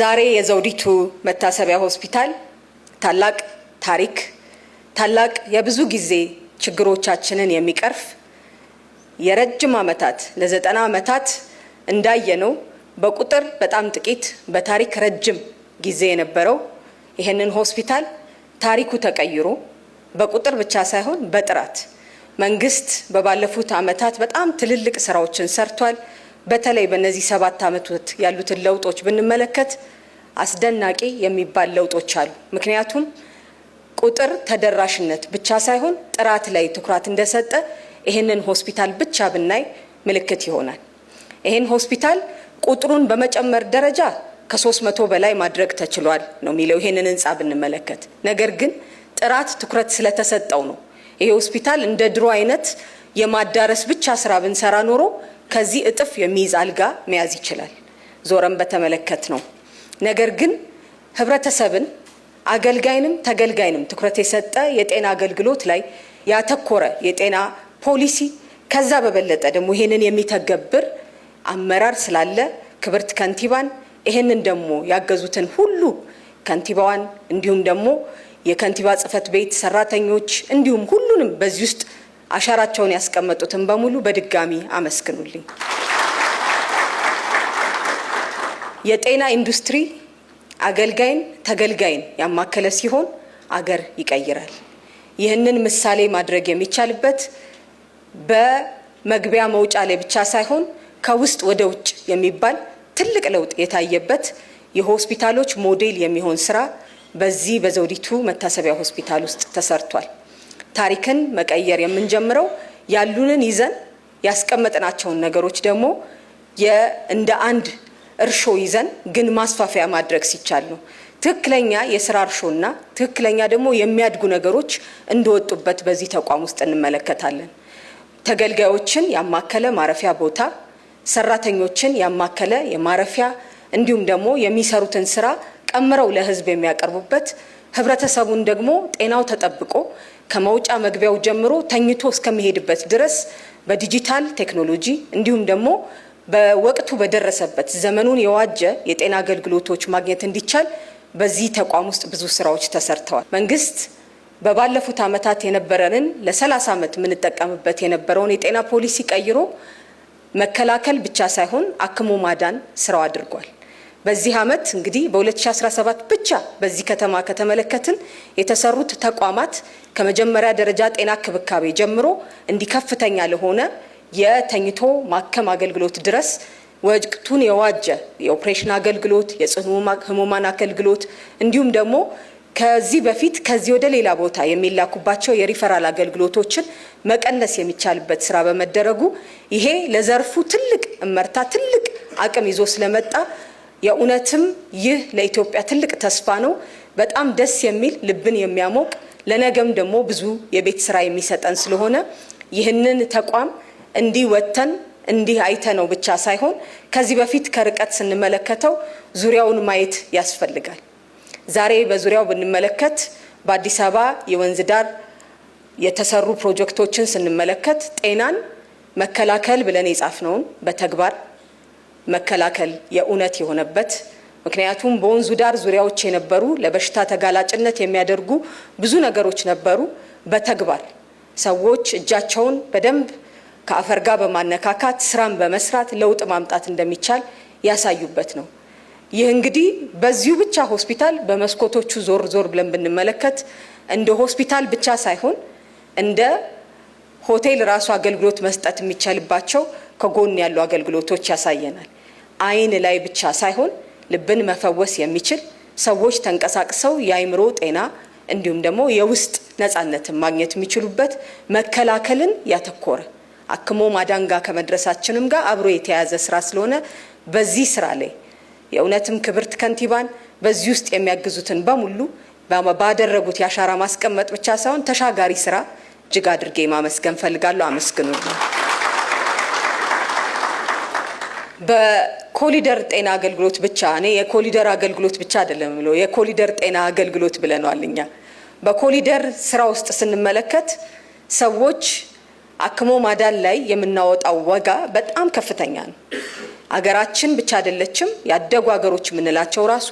ዛሬ የዘውዲቱ መታሰቢያ ሆስፒታል ታላቅ ታሪክ፣ ታላቅ የብዙ ጊዜ ችግሮቻችንን የሚቀርፍ የረጅም ዓመታት ለዘጠና ዓመታት እንዳየነው በቁጥር በጣም ጥቂት በታሪክ ረጅም ጊዜ የነበረው ይህንን ሆስፒታል ታሪኩ ተቀይሮ በቁጥር ብቻ ሳይሆን በጥራት መንግስት በባለፉት ዓመታት በጣም ትልልቅ ስራዎችን ሰርቷል። በተለይ በእነዚህ ሰባት አመቶት ያሉትን ለውጦች ብንመለከት አስደናቂ የሚባል ለውጦች አሉ። ምክንያቱም ቁጥር ተደራሽነት ብቻ ሳይሆን ጥራት ላይ ትኩረት እንደሰጠ ይህንን ሆስፒታል ብቻ ብናይ ምልክት ይሆናል። ይህን ሆስፒታል ቁጥሩን በመጨመር ደረጃ ከ መቶ በላይ ማድረግ ተችሏል ነው የሚለው ይህንን ህንፃ ብንመለከት። ነገር ግን ጥራት ትኩረት ስለተሰጠው ነው። ይሄ ሆስፒታል እንደ ድሮ አይነት የማዳረስ ብቻ ስራ ብንሰራ ኖሮ ከዚህ እጥፍ የሚይዝ አልጋ መያዝ ይችላል። ዞረን በተመለከት ነው። ነገር ግን ህብረተሰብን አገልጋይንም ተገልጋይንም ትኩረት የሰጠ የጤና አገልግሎት ላይ ያተኮረ የጤና ፖሊሲ ከዛ በበለጠ ደግሞ ይህንን የሚተገብር አመራር ስላለ ክብርት ከንቲባን ይህንን ደግሞ ያገዙትን ሁሉ ከንቲባዋን እንዲሁም ደግሞ የከንቲባ ጽህፈት ቤት ሰራተኞች እንዲሁም ሁሉንም በዚህ ውስጥ አሻራቸውን ያስቀመጡትን በሙሉ በድጋሚ አመስግኑልኝ። የጤና ኢንዱስትሪ አገልጋይን ተገልጋይን ያማከለ ሲሆን አገር ይቀይራል። ይህንን ምሳሌ ማድረግ የሚቻልበት በመግቢያ መውጫ ላይ ብቻ ሳይሆን ከውስጥ ወደ ውጭ የሚባል ትልቅ ለውጥ የታየበት የሆስፒታሎች ሞዴል የሚሆን ስራ በዚህ በዘውዲቱ መታሰቢያ ሆስፒታል ውስጥ ተሰርቷል። ታሪክን መቀየር የምንጀምረው ያሉንን ይዘን ያስቀመጥናቸውን ነገሮች ደግሞ እንደ አንድ እርሾ ይዘን ግን ማስፋፊያ ማድረግ ሲቻል ነው። ትክክለኛ የስራ እርሾና ትክክለኛ ደግሞ የሚያድጉ ነገሮች እንደወጡበት በዚህ ተቋም ውስጥ እንመለከታለን። ተገልጋዮችን ያማከለ ማረፊያ ቦታ፣ ሰራተኞችን ያማከለ የማረፊያ እንዲሁም ደግሞ የሚሰሩትን ስራ ቀምረው ለህዝብ የሚያቀርቡበት ህብረተሰቡን ደግሞ ጤናው ተጠብቆ ከመውጫ መግቢያው ጀምሮ ተኝቶ እስከሚሄድበት ድረስ በዲጂታል ቴክኖሎጂ እንዲሁም ደግሞ በወቅቱ በደረሰበት ዘመኑን የዋጀ የጤና አገልግሎቶች ማግኘት እንዲቻል በዚህ ተቋም ውስጥ ብዙ ስራዎች ተሰርተዋል። መንግስት በባለፉት ዓመታት የነበረንን ለ30 ዓመት የምንጠቀምበት የነበረውን የጤና ፖሊሲ ቀይሮ መከላከል ብቻ ሳይሆን አክሞ ማዳን ስራው አድርጓል። በዚህ ዓመት እንግዲህ በ2017 ብቻ በዚህ ከተማ ከተመለከትን የተሰሩት ተቋማት ከመጀመሪያ ደረጃ ጤና ክብካቤ ጀምሮ እንዲህ ከፍተኛ ለሆነ የተኝቶ ማከም አገልግሎት ድረስ ወቅቱን የዋጀ የኦፕሬሽን አገልግሎት፣ የጽኑ ህሙማን አገልግሎት እንዲሁም ደግሞ ከዚህ በፊት ከዚህ ወደ ሌላ ቦታ የሚላኩባቸው የሪፈራል አገልግሎቶችን መቀነስ የሚቻልበት ስራ በመደረጉ ይሄ ለዘርፉ ትልቅ እመርታ፣ ትልቅ አቅም ይዞ ስለመጣ የእውነትም ይህ ለኢትዮጵያ ትልቅ ተስፋ ነው። በጣም ደስ የሚል ልብን የሚያሞቅ ለነገም ደግሞ ብዙ የቤት ስራ የሚሰጠን ስለሆነ ይህንን ተቋም እንዲህ ወጥተን እንዲህ አይተ ነው ብቻ ሳይሆን ከዚህ በፊት ከርቀት ስንመለከተው ዙሪያውን ማየት ያስፈልጋል። ዛሬ በዙሪያው ብንመለከት በአዲስ አበባ የወንዝ ዳር የተሰሩ ፕሮጀክቶችን ስንመለከት ጤናን መከላከል ብለን የጻፍነውን በተግባር መከላከል የእውነት የሆነበት ምክንያቱም በወንዙ ዳር ዙሪያዎች የነበሩ ለበሽታ ተጋላጭነት የሚያደርጉ ብዙ ነገሮች ነበሩ። በተግባር ሰዎች እጃቸውን በደንብ ከአፈር ጋር በማነካካት ስራን በመስራት ለውጥ ማምጣት እንደሚቻል ያሳዩበት ነው። ይህ እንግዲህ በዚሁ ብቻ ሆስፒታል በመስኮቶቹ ዞር ዞር ብለን ብንመለከት እንደ ሆስፒታል ብቻ ሳይሆን እንደ ሆቴል ራሱ አገልግሎት መስጠት የሚቻልባቸው ከጎን ያሉ አገልግሎቶች ያሳየናል። አይን ላይ ብቻ ሳይሆን ልብን መፈወስ የሚችል ሰዎች ተንቀሳቅሰው የአይምሮ ጤና እንዲሁም ደግሞ የውስጥ ነጻነትን ማግኘት የሚችሉበት መከላከልን ያተኮረ አክሞ ማዳን ጋር ከመድረሳችንም ጋር አብሮ የተያያዘ ስራ ስለሆነ በዚህ ስራ ላይ የእውነትም ክብርት ከንቲባን በዚህ ውስጥ የሚያግዙትን በሙሉ ባደረጉት የአሻራ ማስቀመጥ ብቻ ሳይሆን ተሻጋሪ ስራ እጅግ አድርጌ ማመስገን ፈልጋለሁ። አመስግኑልኝ። በኮሊደር ጤና አገልግሎት ብቻ እኔ የኮሊደር አገልግሎት ብቻ አይደለም ብሎ የኮሊደር ጤና አገልግሎት ብለናል። እኛ በኮሊደር ስራ ውስጥ ስንመለከት ሰዎች አክሞ ማዳን ላይ የምናወጣው ወጋ በጣም ከፍተኛ ነው። አገራችን ብቻ አይደለችም፣ ያደጉ ሀገሮች የምንላቸው ራሱ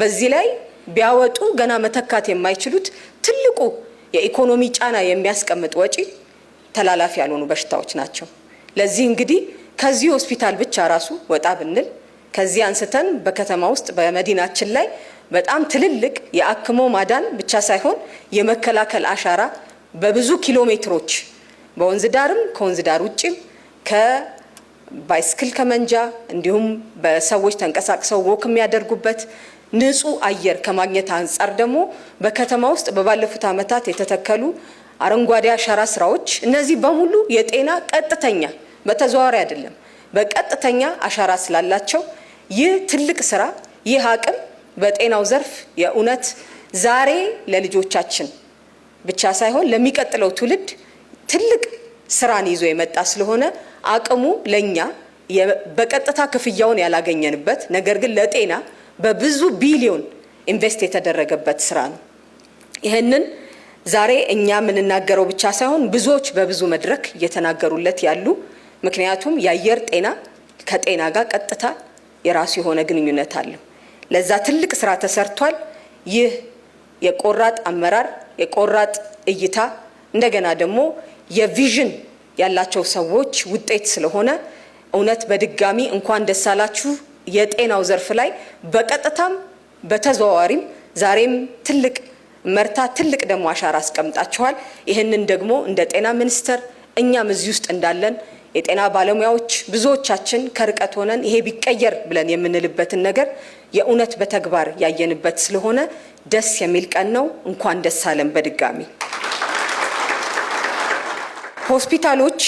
በዚህ ላይ ቢያወጡ ገና መተካት የማይችሉት ትልቁ የኢኮኖሚ ጫና የሚያስቀምጥ ወጪ ተላላፊ ያልሆኑ በሽታዎች ናቸው። ለዚህ እንግዲህ ከዚህ ሆስፒታል ብቻ ራሱ ወጣ ብንል ከዚህ አንስተን በከተማ ውስጥ በመዲናችን ላይ በጣም ትልልቅ የአክሞ ማዳን ብቻ ሳይሆን የመከላከል አሻራ በብዙ ኪሎ ሜትሮች በወንዝ ዳርም ከወንዝ ዳር ውጭም ከባይስክል ከመንጃ እንዲሁም በሰዎች ተንቀሳቅሰው ወክ የሚያደርጉበት ንጹህ አየር ከማግኘት አንጻር ደግሞ በከተማ ውስጥ በባለፉት ዓመታት የተተከሉ አረንጓዴ አሻራ ስራዎች እነዚህ በሙሉ የጤና ቀጥተኛ በተዘዋዋሪ አይደለም፣ በቀጥተኛ አሻራ ስላላቸው ይህ ትልቅ ስራ ይህ አቅም በጤናው ዘርፍ የእውነት ዛሬ ለልጆቻችን ብቻ ሳይሆን ለሚቀጥለው ትውልድ ትልቅ ስራን ይዞ የመጣ ስለሆነ አቅሙ ለእኛ በቀጥታ ክፍያውን ያላገኘንበት ነገር ግን ለጤና በብዙ ቢሊዮን ኢንቨስት የተደረገበት ስራ ነው። ይህንን ዛሬ እኛ የምንናገረው ብቻ ሳይሆን ብዙዎች በብዙ መድረክ እየተናገሩለት ያሉ ምክንያቱም የአየር ጤና ከጤና ጋር ቀጥታ የራሱ የሆነ ግንኙነት አለው። ለዛ ትልቅ ስራ ተሰርቷል። ይህ የቆራጥ አመራር፣ የቆራጥ እይታ እንደገና ደግሞ የቪዥን ያላቸው ሰዎች ውጤት ስለሆነ እውነት በድጋሚ እንኳን ደስ አላችሁ። የጤናው ዘርፍ ላይ በቀጥታም በተዘዋዋሪም ዛሬም ትልቅ መርታ ትልቅ ደግሞ አሻራ አስቀምጣችኋል። ይህንን ደግሞ እንደ ጤና ሚኒስቴር እኛም እዚህ ውስጥ እንዳለን የጤና ባለሙያዎች ብዙዎቻችን ከርቀት ሆነን ይሄ ቢቀየር ብለን የምንልበትን ነገር የእውነት በተግባር ያየንበት ስለሆነ ደስ የሚል ቀን ነው። እንኳን ደስ አለን። በድጋሚ ሆስፒታሎች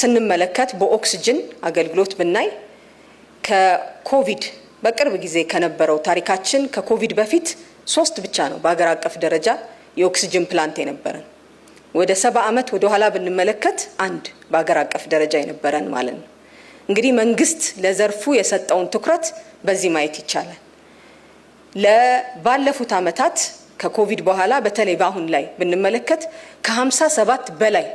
ስንመለከት በኦክስጅን አገልግሎት ብናይ ከኮቪድ በቅርብ ጊዜ ከነበረው ታሪካችን ከኮቪድ በፊት ሶስት ብቻ ነው በሀገር አቀፍ ደረጃ የኦክስጅን ፕላንት የነበረን። ወደ ሰባ ዓመት ወደ ኋላ ብንመለከት አንድ በሀገር አቀፍ ደረጃ የነበረን ማለት ነው። እንግዲህ መንግስት ለዘርፉ የሰጠውን ትኩረት በዚህ ማየት ይቻላል። ለባለፉት ዓመታት ከኮቪድ በኋላ በተለይ በአሁን ላይ ብንመለከት ከሀምሳ ሰባት በላይ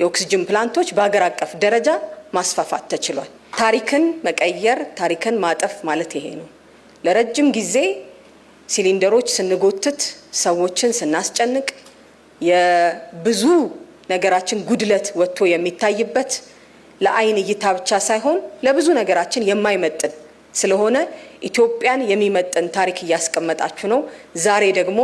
የኦክስጅን ፕላንቶች በሀገር አቀፍ ደረጃ ማስፋፋት ተችሏል። ታሪክን መቀየር ታሪክን ማጠፍ ማለት ይሄ ነው። ለረጅም ጊዜ ሲሊንደሮች ስንጎትት ሰዎችን ስናስጨንቅ የብዙ ነገራችን ጉድለት ወጥቶ የሚታይበት ለአይን እይታ ብቻ ሳይሆን ለብዙ ነገራችን የማይመጥን ስለሆነ ኢትዮጵያን የሚመጥን ታሪክ እያስቀመጣችሁ ነው። ዛሬ ደግሞ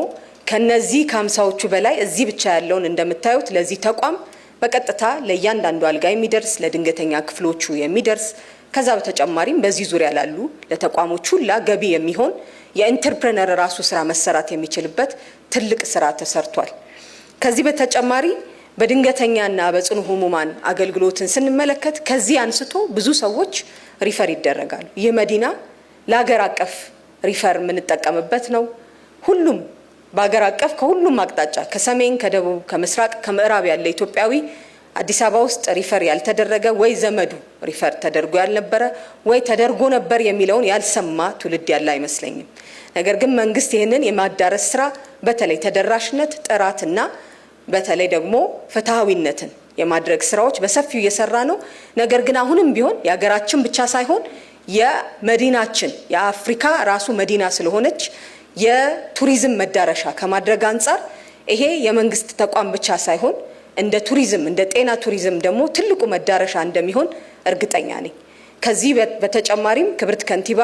ከነዚህ ከሀምሳዎቹ በላይ እዚህ ብቻ ያለውን እንደምታዩት ለዚህ ተቋም በቀጥታ ለእያንዳንዱ አልጋ የሚደርስ ለድንገተኛ ክፍሎቹ የሚደርስ ከዛ በተጨማሪም በዚህ ዙሪያ ላሉ ለተቋሞች ሁላ ገቢ የሚሆን የኢንተርፕረነር ራሱ ስራ መሰራት የሚችልበት ትልቅ ስራ ተሰርቷል። ከዚህ በተጨማሪ በድንገተኛና በጽኑ ህሙማን አገልግሎትን ስንመለከት ከዚህ አንስቶ ብዙ ሰዎች ሪፈር ይደረጋሉ። ይህ መዲና ለሀገር አቀፍ ሪፈር የምንጠቀምበት ነው። ሁሉም በሀገር አቀፍ ከሁሉም አቅጣጫ ከሰሜን፣ ከደቡብ፣ ከምስራቅ፣ ከምዕራብ ያለ ኢትዮጵያዊ አዲስ አበባ ውስጥ ሪፈር ያልተደረገ ወይ ዘመዱ ሪፈር ተደርጎ ያልነበረ ወይ ተደርጎ ነበር የሚለውን ያልሰማ ትውልድ ያለ አይመስለኝም። ነገር ግን መንግስት ይህንን የማዳረስ ስራ በተለይ ተደራሽነት ጥራትና በተለይ ደግሞ ፍትሐዊነትን የማድረግ ስራዎች በሰፊው እየሰራ ነው። ነገር ግን አሁንም ቢሆን የሀገራችን ብቻ ሳይሆን የመዲናችን የአፍሪካ ራሱ መዲና ስለሆነች የቱሪዝም መዳረሻ ከማድረግ አንጻር ይሄ የመንግስት ተቋም ብቻ ሳይሆን እንደ ቱሪዝም እንደ ጤና ቱሪዝም ደግሞ ትልቁ መዳረሻ እንደሚሆን እርግጠኛ ነኝ። ከዚህ በተጨማሪም ክብርት ከንቲባ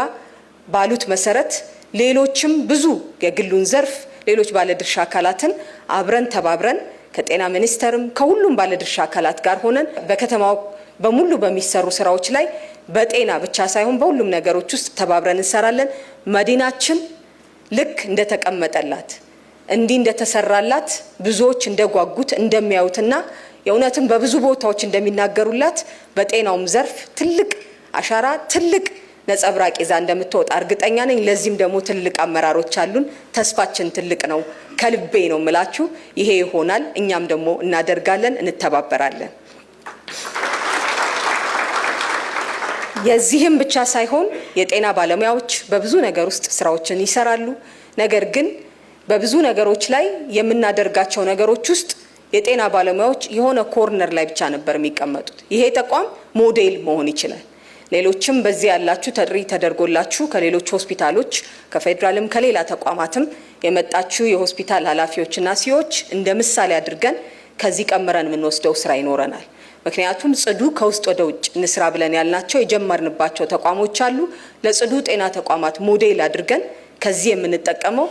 ባሉት መሰረት ሌሎችም ብዙ የግሉን ዘርፍ ሌሎች ባለድርሻ አካላትን አብረን ተባብረን ከጤና ሚኒስቴርም ከሁሉም ባለድርሻ አካላት ጋር ሆነን በከተማው በሙሉ በሚሰሩ ስራዎች ላይ በጤና ብቻ ሳይሆን በሁሉም ነገሮች ውስጥ ተባብረን እንሰራለን። መዲናችን ልክ እንደተቀመጠላት እንዲህ እንደተሰራላት ብዙዎች እንደጓጉት እንደሚያዩትና የእውነትም በብዙ ቦታዎች እንደሚናገሩላት በጤናውም ዘርፍ ትልቅ አሻራ ትልቅ ነጸብራቅ ይዛ እንደምትወጣ እርግጠኛ ነኝ። ለዚህም ደግሞ ትልቅ አመራሮች አሉን። ተስፋችን ትልቅ ነው። ከልቤ ነው የምላችሁ። ይሄ ይሆናል። እኛም ደግሞ እናደርጋለን፣ እንተባበራለን። የዚህም ብቻ ሳይሆን የጤና ባለሙያዎች በብዙ ነገር ውስጥ ስራዎችን ይሰራሉ። ነገር ግን በብዙ ነገሮች ላይ የምናደርጋቸው ነገሮች ውስጥ የጤና ባለሙያዎች የሆነ ኮርነር ላይ ብቻ ነበር የሚቀመጡት። ይሄ ተቋም ሞዴል መሆን ይችላል። ሌሎችም በዚህ ያላችሁ ጥሪ ተደርጎላችሁ ከሌሎች ሆስፒታሎች ከፌዴራልም ከሌላ ተቋማትም የመጣችሁ የሆስፒታል ኃላፊዎችና ሲዎች እንደ ምሳሌ አድርገን ከዚህ ቀምረን የምንወስደው ስራ ይኖረናል። ምክንያቱም ጽዱ ከውስጥ ወደ ውጭ እንስራ ብለን ያልናቸው የጀመርንባቸው ተቋሞች አሉ። ለጽዱ ጤና ተቋማት ሞዴል አድርገን ከዚህ የምንጠቀመው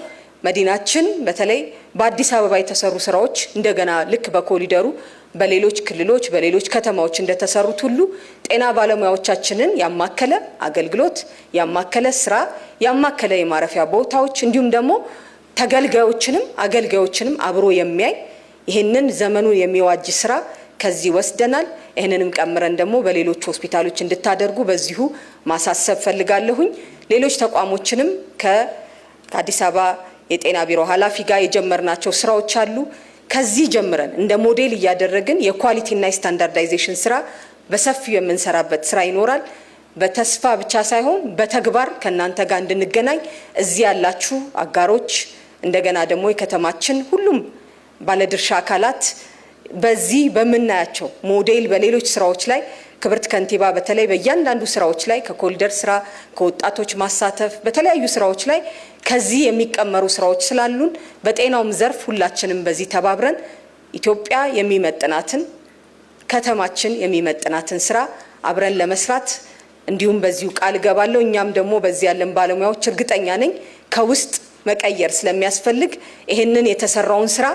መዲናችን በተለይ በአዲስ አበባ የተሰሩ ስራዎች እንደገና ልክ በኮሪደሩ በሌሎች ክልሎች በሌሎች ከተማዎች እንደተሰሩት ሁሉ ጤና ባለሙያዎቻችንን ያማከለ አገልግሎት ያማከለ ስራ ያማከለ የማረፊያ ቦታዎች እንዲሁም ደግሞ ተገልጋዮችንም አገልጋዮችንም አብሮ የሚያይ ይህንን ዘመኑን የሚዋጅ ስራ ከዚህ ወስደናል። ይህንንም ቀምረን ደግሞ በሌሎች ሆስፒታሎች እንድታደርጉ በዚሁ ማሳሰብ ፈልጋለሁኝ። ሌሎች ተቋሞችንም ከአዲስ አበባ የጤና ቢሮ ኃላፊ ጋር የጀመርናቸው ስራዎች አሉ። ከዚህ ጀምረን እንደ ሞዴል እያደረግን የኳሊቲና የስታንዳርዳይዜሽን ስራ በሰፊው የምንሰራበት ስራ ይኖራል። በተስፋ ብቻ ሳይሆን በተግባር ከእናንተ ጋር እንድንገናኝ እዚህ ያላችሁ አጋሮች፣ እንደገና ደግሞ የከተማችን ሁሉም ባለድርሻ አካላት በዚህ በምናያቸው ሞዴል በሌሎች ስራዎች ላይ ክብርት ከንቲባ በተለይ በእያንዳንዱ ስራዎች ላይ ከኮሪደር ስራ ከወጣቶች ማሳተፍ በተለያዩ ስራዎች ላይ ከዚህ የሚቀመሩ ስራዎች ስላሉን በጤናውም ዘርፍ ሁላችንም በዚህ ተባብረን ኢትዮጵያ የሚመጥናትን ከተማችን የሚመጥናትን ስራ አብረን ለመስራት እንዲሁም በዚሁ ቃል እገባለሁ። እኛም ደግሞ በዚህ ያለን ባለሙያዎች እርግጠኛ ነኝ ከውስጥ መቀየር ስለሚያስፈልግ ይህንን የተሰራውን ስራ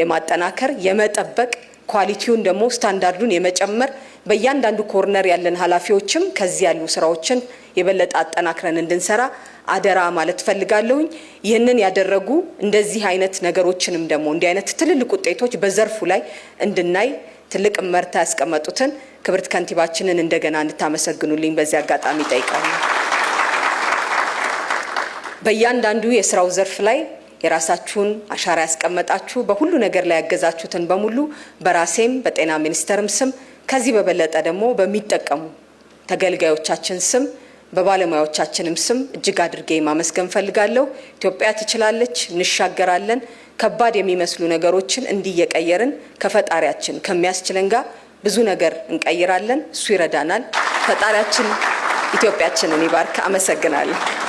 የማጠናከር የመጠበቅ ኳሊቲውን ደግሞ ስታንዳርዱን የመጨመር በእያንዳንዱ ኮርነር ያለን ኃላፊዎችም ከዚህ ያሉ ስራዎችን የበለጠ አጠናክረን እንድንሰራ አደራ ማለት ፈልጋለሁኝ። ይህንን ያደረጉ እንደዚህ አይነት ነገሮችንም ደግሞ እንዲህ አይነት ትልልቅ ውጤቶች በዘርፉ ላይ እንድናይ ትልቅ መርታ ያስቀመጡትን ክብርት ከንቲባችንን እንደገና እንድታመሰግኑልኝ በዚህ አጋጣሚ ጠይቃለሁ። በእያንዳንዱ የስራው ዘርፍ ላይ የራሳችሁን አሻራ ያስቀመጣችሁ በሁሉ ነገር ላይ ያገዛችሁትን በሙሉ በራሴም በጤና ሚኒስቴርም ስም ከዚህ በበለጠ ደግሞ በሚጠቀሙ ተገልጋዮቻችን ስም በባለሙያዎቻችንም ስም እጅግ አድርጌ ማመስገን ፈልጋለሁ። ኢትዮጵያ ትችላለች፣ እንሻገራለን። ከባድ የሚመስሉ ነገሮችን እንዲየቀየርን ከፈጣሪያችን ከሚያስችለን ጋር ብዙ ነገር እንቀይራለን። እሱ ይረዳናል። ፈጣሪያችን ኢትዮጵያችንን ይባርክ። አመሰግናለሁ።